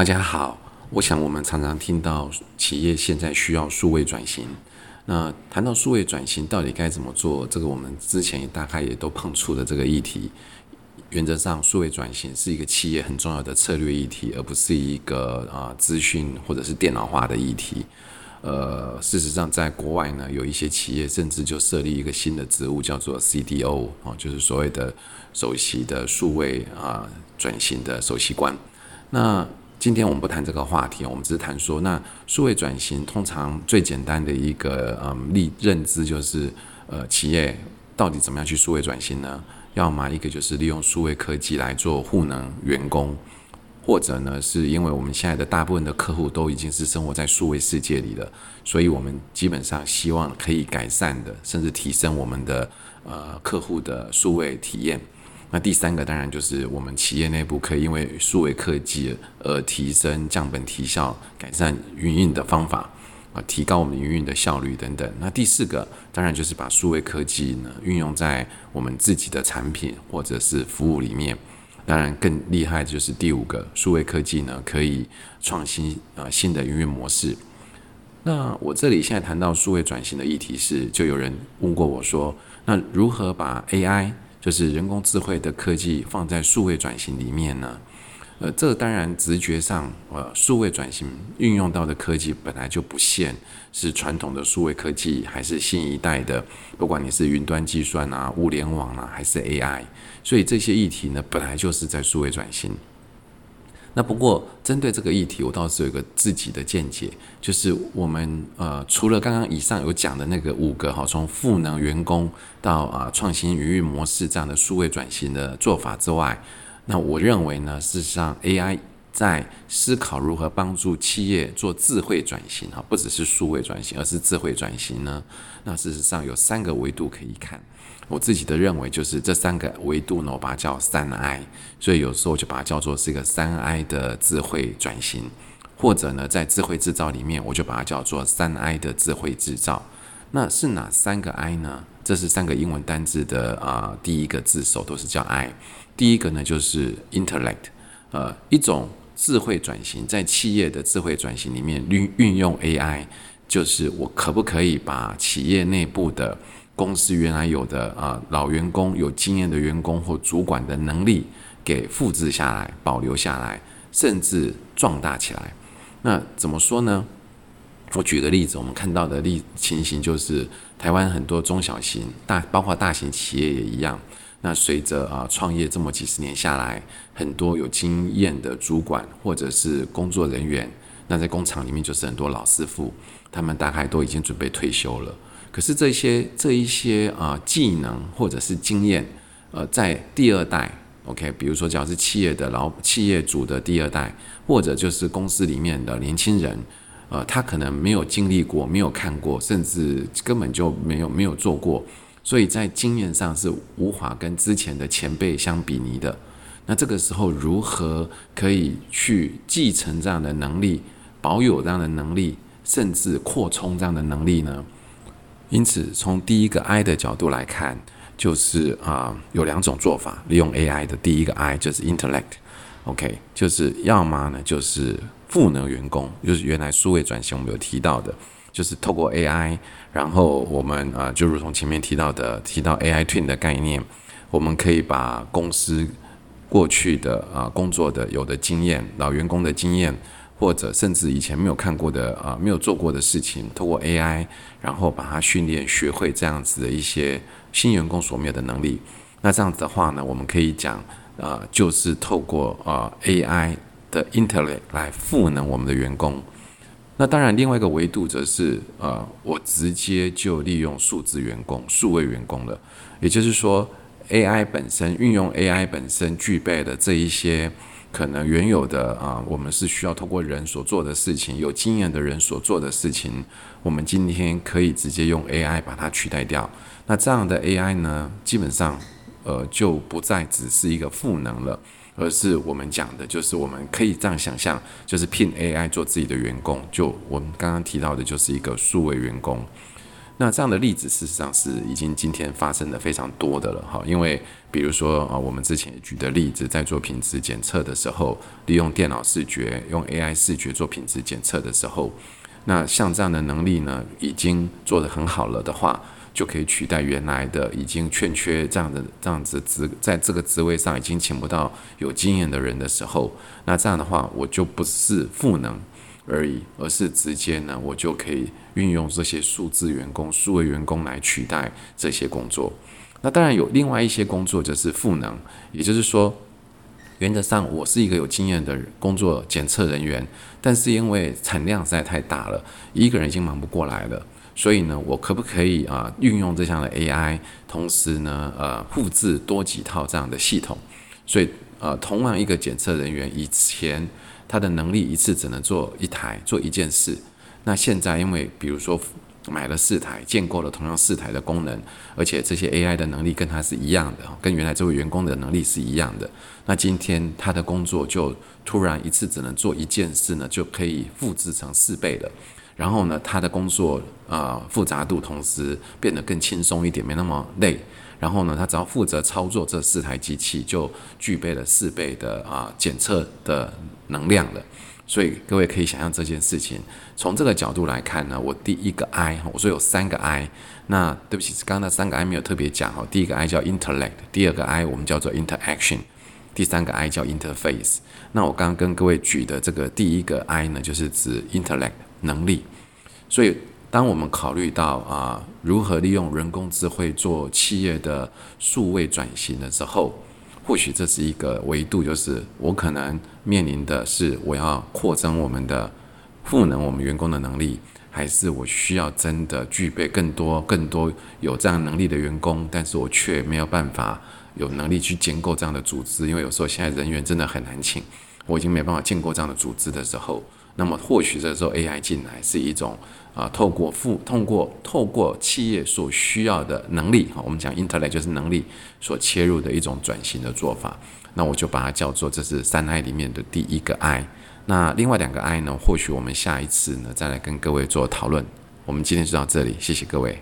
大家好，我想我們常常聽到企業現在需要數位轉型。那談到數位轉型到底該怎麼做？這個我們之前也大概也都碰觸的這個議題。原則上，數位轉型是一個企業很重要的策略議題，而不是一個啊資訊或者是電腦化的議題。呃，事實上，在國外呢，有一些企業甚至就設立一個新的職務，叫做 CDO，啊，就是所謂的首席的數位啊轉型的首席官。那今天我們不談這個話題，我們只是談說，那數位轉型通常最簡單的一個嗯利認知就是，呃，企業到底怎麼樣去數位轉型呢？要麼一個就是利用數位科技來做賦能員工，或者呢，是因為我們現在的大部分的客戶都已經是生活在數位世界裡的，所以我們基本上希望可以改善的，甚至提升我們的呃客戶的數位體驗。那第三個當然就是我們企業內部可以因為數位科技而提升降本提效，改善營運的方法啊，提高我們營運的效率等等。那第四個當然就是把數位科技呢運用在我們自己的產品或者是服務裡面。當然更厲害就是第五個，數位科技呢可以創新啊、呃、新的營運模式。那我這裡現在談到數位轉型的議題是，就有人問過我說，那如何把 AI 就是人工智慧的科技放在數位轉型裡面呢，呃，這當然直覺上，呃，數位轉型運用到的科技本來就不限是傳統的數位科技，還是新一代的，不管你是雲端計算啊、物聯網啊，還是 AI，所以這些議題呢，本來就是在數位轉型。那不過，針對這個議題，我倒是有一個自己的見解，就是我們呃，除了剛剛以上有講的那個五個哈，從賦能員工到啊創新營運模式這樣的數位轉型的做法之外，那我認為呢，事實上 AI 在思考如何幫助企業做智慧轉型啊，不只是數位轉型，而是智慧轉型呢。那事實上有三個維度可以看。我自己的認為就是這三個維度呢，我把它叫三 I，所以有時候我就把它叫做是一個三 I 的智慧轉型，或者呢，在智慧制造裡面，我就把它叫做三 I 的智慧制造。那是哪三個 I 呢？這是三個英文單字的啊、呃，第一個字首都是叫 I。第一個呢，就是 intellect。呃，一種智慧轉型，在企業的智慧轉型裡面運運用 AI，就是我可不可以把企業內部的公司原來有的啊、呃、老員工、有經驗的員工或主管的能力，給複製下來、保留下來，甚至壯大起來。那怎麼說呢？我舉個例子，我們看到的例情形就是，台灣很多中小型大，包括大型企業也一樣。那隨着啊、呃、創業這麼幾十年下來，很多有經驗的主管或者是工作人員，那在工廠裡面就是很多老師傅，他們大概都已經準備退休了。可是這些這一些啊、呃、技能或者是經驗，呃，在第二代，OK，比如說，只要是企業的老企業主的第二代，或者就是公司裡面的年輕人，呃，他可能沒有經歷過，沒有看過，甚至根本就沒有沒有做過，所以在經驗上是無法跟之前的前輩相比擬的。那這個時候，如何可以去繼承這樣的能力，保有這樣的能力，甚至擴充這樣的能力呢？因此，從第一個 I 的角度來看，就是啊、呃，有兩種做法，利用 AI 的第一個 I 就是 intellect，OK，、okay, 就是要麼呢，就是賦能員工，就是原來數位轉型我們有提到的，就是透過 AI，然後我們啊、呃，就如同前面提到的，提到 AI twin 的概念，我們可以把公司過去的啊、呃、工作的有的經驗，老員工的經驗。或者甚至以前沒有看過的啊、呃，沒有做過的事情，透過 AI，然後把它訓練學會這樣子的一些新員工所沒有的能力。那這樣子的話呢，我們可以講，啊、呃，就是透過啊、呃、AI 的 intellect 來賦能我們的員工。那當然，另外一個維度則是，啊、呃，我直接就利用數字員工、數位員工了。也就是說，AI 本身運用 AI 本身具備的這一些。可能原有的啊、呃，我們是需要透過人所做的事情，有經驗的人所做的事情，我們今天可以直接用 AI 把它取代掉。那這樣的 AI 呢，基本上，呃，就不再只是一個賦能了，而是我們講的就是我們可以這樣想象，就是聘 AI 做自己的員工。就我們剛剛提到的，就是一個數位員工。那這樣的例子事實上是已經今天發生的非常多的了，哈，因為比如說啊，我們之前舉的例子，在做品質檢測的時候，利用電腦視覺、用 AI 視覺做品質檢測的時候，那像這樣的能力呢，已經做得很好了的話，就可以取代原來的已經欠缺這樣的這樣子職，在這個職位上已經請不到有經驗的人的時候，那這樣的話，我就不是賦能。而已，而是直接呢，我就可以運用這些數字員工、數位員工來取代這些工作。那當然有另外一些工作就是賦能，也就是說，原則上我是一個有經驗的工作檢測人員，但是因為產量實在太大了，一個人已經忙不過來了，所以呢，我可不可以啊運用這項的 AI，同時呢，呃、啊，複製多幾套這樣的系統，所以呃、啊，同樣一個檢測人員以前。他的能力一次只能做一台，做一件事，那現在因為比如說買了四台，建構了同樣四台的功能，而且這些 AI 的能力跟他是一樣的，跟原來這位員工的能力是一樣的。那今天他的工作就突然一次只能做一件事呢，就可以複製成四倍的。然後呢，他的工作啊、呃、複雜度同時變得更輕鬆一點，沒那麼累。然後呢，他只要負責操作這四台機器，就具備了四倍的啊、呃、檢測的。能量的，所以各位可以想象這件事情。從這個角度來看呢，我第一個 I，我說有三個 I，那對不起，剛剛那三個 I 沒有特別講哦。第一個 I 叫 Intellect，第二個 I 我們叫做 Interaction，第三個 I 叫 Interface。那我剛剛跟各位舉的這個第一個 I 呢，就是指 Intellect 能力。所以，當我們考慮到啊、呃，如何利用人工智慧做企業的數位轉型的時候。或許這是一個維度，就是我可能面臨的是，我要擴增我們的賦能我們員工的能力，還是我需要真的具備更多更多有這樣能力的員工，但是我卻沒有辦法有能力去建構這樣的組織，因為有時候現在人員真的很難請，我已經沒辦法建構這樣的組織的時候。那麼，或許這時候 AI 進來是一種啊、呃，透過付通過透過企業所需要的能力，我們講 intellect 就是能力所切入的一種轉型的做法。那我就把它叫做這是三 I 裡面的第一個 I。那另外兩個 I 呢？或許我們下一次呢再來跟各位做討論。我們今天就到這裡，謝謝各位。